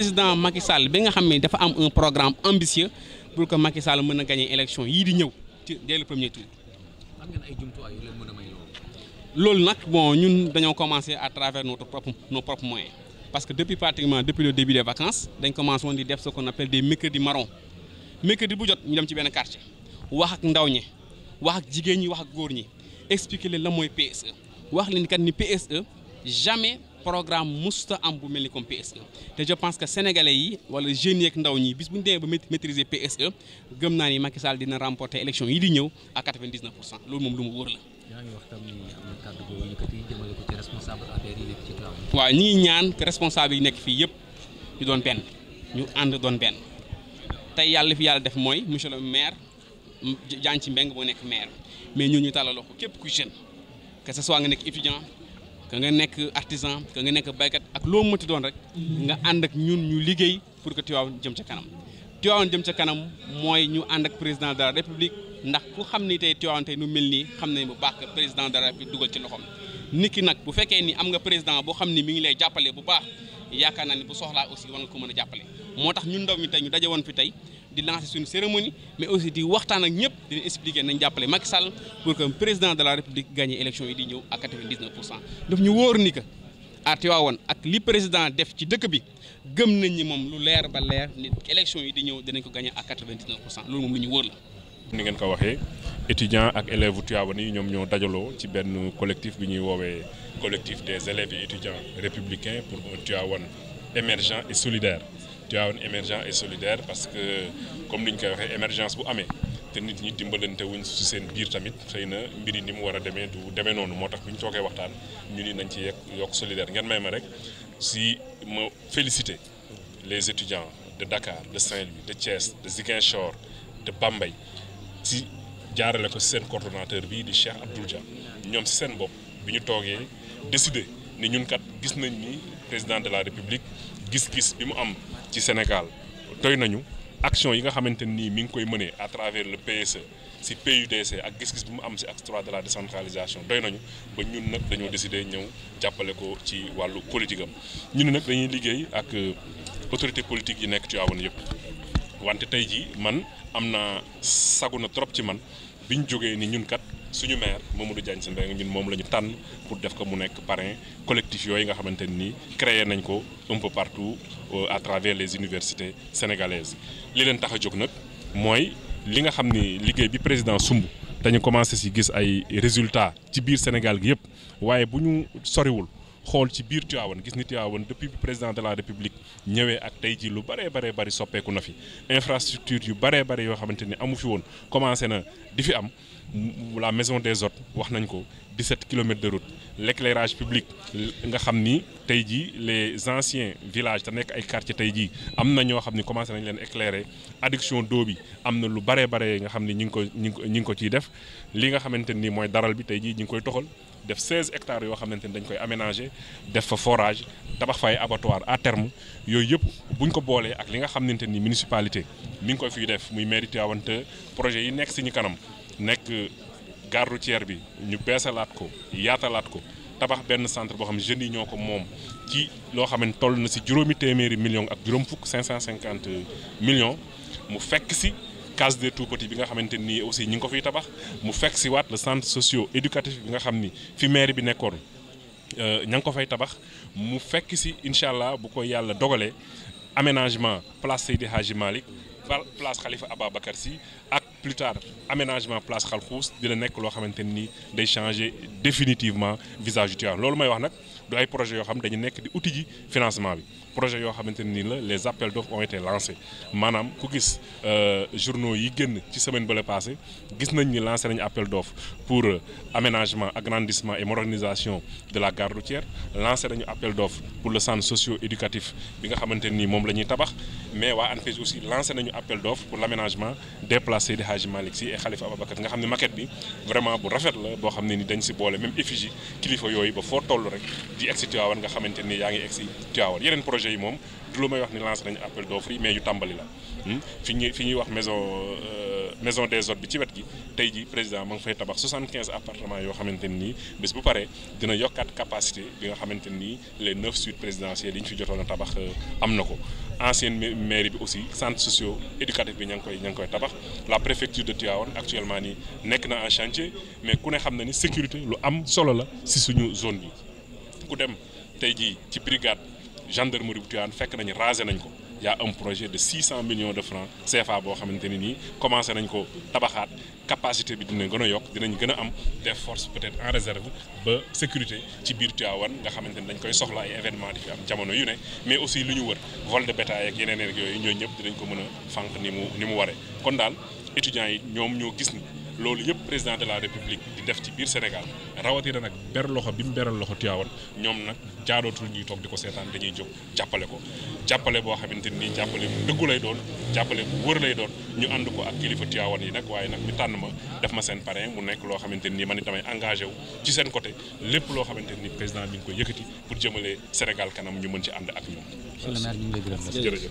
président Macky Sall bi nga xam ne dafa am un programme ambitieux pour que Macky Sall mën a gagner yii di ñëw ci dès le premier tour. loolu nag bon ñun dañoo commencé à travers notre propre nos parce que depuis pratiquement depuis le début des vacances dañ commencé woon di def ce qu'on appelle des mercredis marrons mercredi bu jot ñu dem ci benn quartier wax ak ndaw ñi wax ak jigéen ñi wax ak góor ñi expliquer leen la mooy PSE wax leen kat ni PSE jamais. programme musta am bu mel ni comme PSE te je pense que sénégalais yi wala jeunes yeeg ndaw ñi bis bu ñu demee ba maîtriser PSE gëm naa ni Macky Sall dina remporter élection yi di ñëw à 99 pour na kàddu boobu yëkkati jëmale ko ci responsable affaire yi waaw ñi ñaan que responsable yi nekk fii yëpp ñu doon benn ñu ànd doon benn tey yàlla fi yàlla def mooy monsieur le maire Diagne Mbengue moo nekk maire mais ñun ñu tàllaloo ko képp kuy jeune que ce soit nga nekk étudiant. ka nga nekk artisan ka nga nekk baykat ak loo mënti doon rek nga ànd ak ñun ñu liggéey pour que Tivaouane jëm sa kanam Tivaouane jëm sa kanam mooy ñu ànd ak président de la république ndax ku xam ni tey Tivaouane tey nu mel nii xam nañ bu baax que président dara la dugal ci loxoom nit ki nag bu fekkee ni am nga président boo xam ni mi ngi lay jàppale bu baax yaakaar naa ni bu soxlaa aussi war nga ko mën a jàppale moo tax ñu ndaw mi tey ñu daje woon fi tey di lancer suñu cérémonie mais aussi di waxtaan ak ñëpp dina expliquer nañ jàppale Macky Sall pour que président de la République gagne élection yi di ñëw à 99 pour cent daf ñu wóor ni que à Tivaouane ak li président def ci dëkk bi gëm nañ ni moom lu leer ba leer nit élection yi di ñëw dinañ ko gagne à 99 pour cent loolu moom lu ñu wóor la. ni ngeen ko waxee étudiants ak élèves Tivaouane yi ñoom ñoo dajaloo ci benn collectif bi ñuy woowee collectif des élèves et étudiants républicains pour un Tivaouane émergent et solidaire. Tivaouane émergent et solidaire parce que comme ni ñu koy waxee émergence bu amee te nit ñi dimbalante wuñ si seen biir tamit xëy na mbir yi ni mu war a demee du demee noonu moo tax bu ñu toogee waxtaan ñu ni nañ ci yekk yokk solidaire ngeen may ma rek si ma féliciter les étudiants de dakaar de Saint-Louis de Thiès de Ziguinchor de Bambey si jaarale ko si seen coordonnateur bi di Cheikh Abdoul Dia ñoom si seen bopp bi ñu toogee décider ni ñun gis nañ ni. président de la république gis-gis bi mu am ci Sénégal doy nañu action yi nga xamante nii mi ngi koy mënee à travers le PSE si PUDC ak gis-gis bi mu am si acte trois de la décentralisation doy nañu ba ñun nag dañoo décider ñëw jàppale ko ci wàllu politique am ñun nag dañuy liggéey ak euh, autorité politique yi nekk ci Tivaouane yëpp wante tey jii man am na sagu na trop ci man bi ñu jógee ni ñun kat suñu moom maire Mamadou Diagne Sy Mbengue ñun moom la ñu tànn pour def ko mu nekk parrain collectif yooyu nga xamante ni créé nañ ko un peu partout euh, à travers les universités sénégalaises li leen tax a jóg nag mooy li nga xam ni liggéey bi président sumb dañu commencé si gis ay résultat ci biir Sénégal gi yëpp waaye bu ñu soriwul xool ci biir Tivaouane gis ni Tivaouane depuis président de la république ñëwee ak tey jii lu baree baree bari soppeeku na fi infrastructure yu baree bari yoo xamante ni amu fi woon commencé na di fi am la maison des hôtes wax nañ ko 17 kilomètres de route l'éclairage public nga xam ni tey ji les anciens villages te nekk ay quartiers tey jii am na ñoo xam ni commencé nañ leen éclairer adduction d'eau bi am na lu baree baree nga xam ni ñu ngi ko ñu ngi ko ñu ngi ko ciy def li nga xamante ni mooy daral bi tey jii ñu ngi koy toxal def 16 hectares yoo xamante ni dañ koy aménager def fa forage tabax fay abattoir à terme yooyu yëpp buñ ko boolee ak li nga xamante ni municipalité mi ngi koy fiy def muy mairie Tivaouane projet yi nekk si ñu kanam nekk gare routière bi ñu beesalaat ko yaatalaat ko tabax benn centre boo xam jeunes yi ñoo ko moom ci loo xam ne toll na si juróomi téeméeri millions ak juróom fukk 550 millions mu fekk si. case des tout petits bi nga xamante nii aussi ñi ngi ko fiy tabax mu fekk si waat le centre socio éducatif bi nga xam ni fi maire bi nekkoon euh, ña ngi ko fay tabax mu fekk si incha allah bu ko yàlla dogalee aménagement place Seydi Hadji Malick place Khalifa Ababacar Sy ak plus tard aménagement place Xalxuus dina nekk loo xamante nii day changer définitivement visage yu Tivaouane loolu may wax nag du ay projet yoo xam dañu nekk di uti ji financement bi projet yoo xamante ni la les appels d'offres ont été lancés maanaam ku gis euh, journaux yi génn ci semaine ba la gis nañ ni lancé nañu appel d'offres pour euh, aménagement agrandissement et modernisation de la gare routière appel d'offres pour le centre socio-éducatif bi nga xamante ni moom la ñuy tabax mais waa ANPEJ aussi lancé nañu appel d'offres pour l'aménagement déplacé Hadji Malick Sy et Khalifa Ababacar nga xam ne maquette bi vraiment bu rafet la boo xam ne ni dañ si boole même effigie kilifa yooyu ba foo toll rek di egsi Tivaouane nga xamante yaa ngi egsi Tivaouane yeneen projet yi moom du lu may wax ni lancé nañu appel d'offre yu tàmbali la hmm? fi ñuy fi ñuy wax maison euh, maison des hôtes bi ci wet gi tey ji président ma ngi fay tabax 75 appartements yoo xamante ne nii bés bu pare dina yokkaat capacité bi nga xamante ne nii les neuf suites présidentielles yi ñu fi jotoon a tabax euh, am na ko ancienne maire bi aussi centre socio éducatif bi ña ngi koy ña ngi koy tabax la préfecture de Tivaouane actuellement nii nekk na en chantier mais ku ne xam na ni sécurité lu am solo la si suñu zone bi ku dem tey ji ci brigade gendarmerie bu Tivaouane fekk nañu rasé nañ ko yaa am projet de 600 millions de francs CFA boo xamante ni nii commencé nañ ko tabaxaat capacité bi dina gën a yokk dinañ gën a am des forces peut-être en réserve ba sécurité ci biir Tivaouane nga xamante ni dañ koy soxla ay événement di fi am jamono yu ne mais aussi lu ñu wër vol de bétail ak yeneen yooyu ñooñu ñëpp dinañ ko mën a fànq ni mu ni mu waree kon daal étudiants yi ñoom ñoo gis ni loolu yëpp président de la république di def ci biir Sénégal rawatina nag ber loxo bi mu beral loxo Tiwaawan ñoom nag jaadootul ñuy toog di ko seetaan dañuy jóg jàppale ko jàppale boo xamante ni jàppale bu dëggu lay doon jàppale bu wër lay doon ñu ànd ko ak kilifa Tiwaawan yi nag waaye nag mi tànn ma def ma seen parrain mu nekk loo xamante ni man itamay engagé wu ci seen côté lépp loo xamante ni président mi ngi ko yëkkati pour jëmale Sénégal kanam ñu mën ci ànd ak ñoom.